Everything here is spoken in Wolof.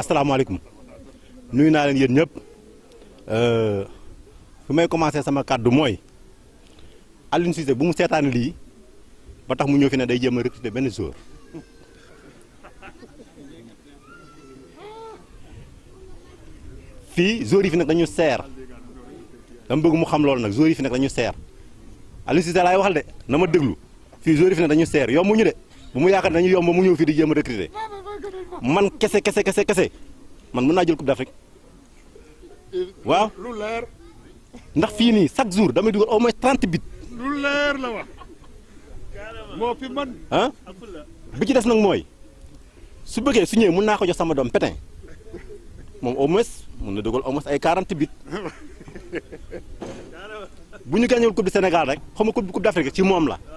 asalaamaaleykum nuyu naa leen yéen ñëpp euh, fi may commencé sama kàddu mooy Aliou Cissé bu mu seetaan lii ba tax mu ñëw fi ne day jéem a recruter benn joueur fii joueur yi fi nag dañu seer dama bëgg mu xam loolu nag joueur yi fi nag dañu seer Aliou Cissé laay waxal de na ma déglu fii joueur yi fi nag dañu seer yomb ñu de bu mu yaakaar ne dañu yomb mu ñëw fii di jëmma a man kese kese kese kese man mën naa jël coupe d'Afrique waaw lu leer ndax fii nii chaque jour damay dugal au moins trente bit lu leer la wax moo fi man bi ci des nag mooy su bëggee su ñëwee mun naa ko jox sama doom pétin moom au moins mën na dugal au moins ay quarante bit bu ñu gàññewul coupe du Sénégal rek xaw ma coupe coupe d'Afrique ci moom la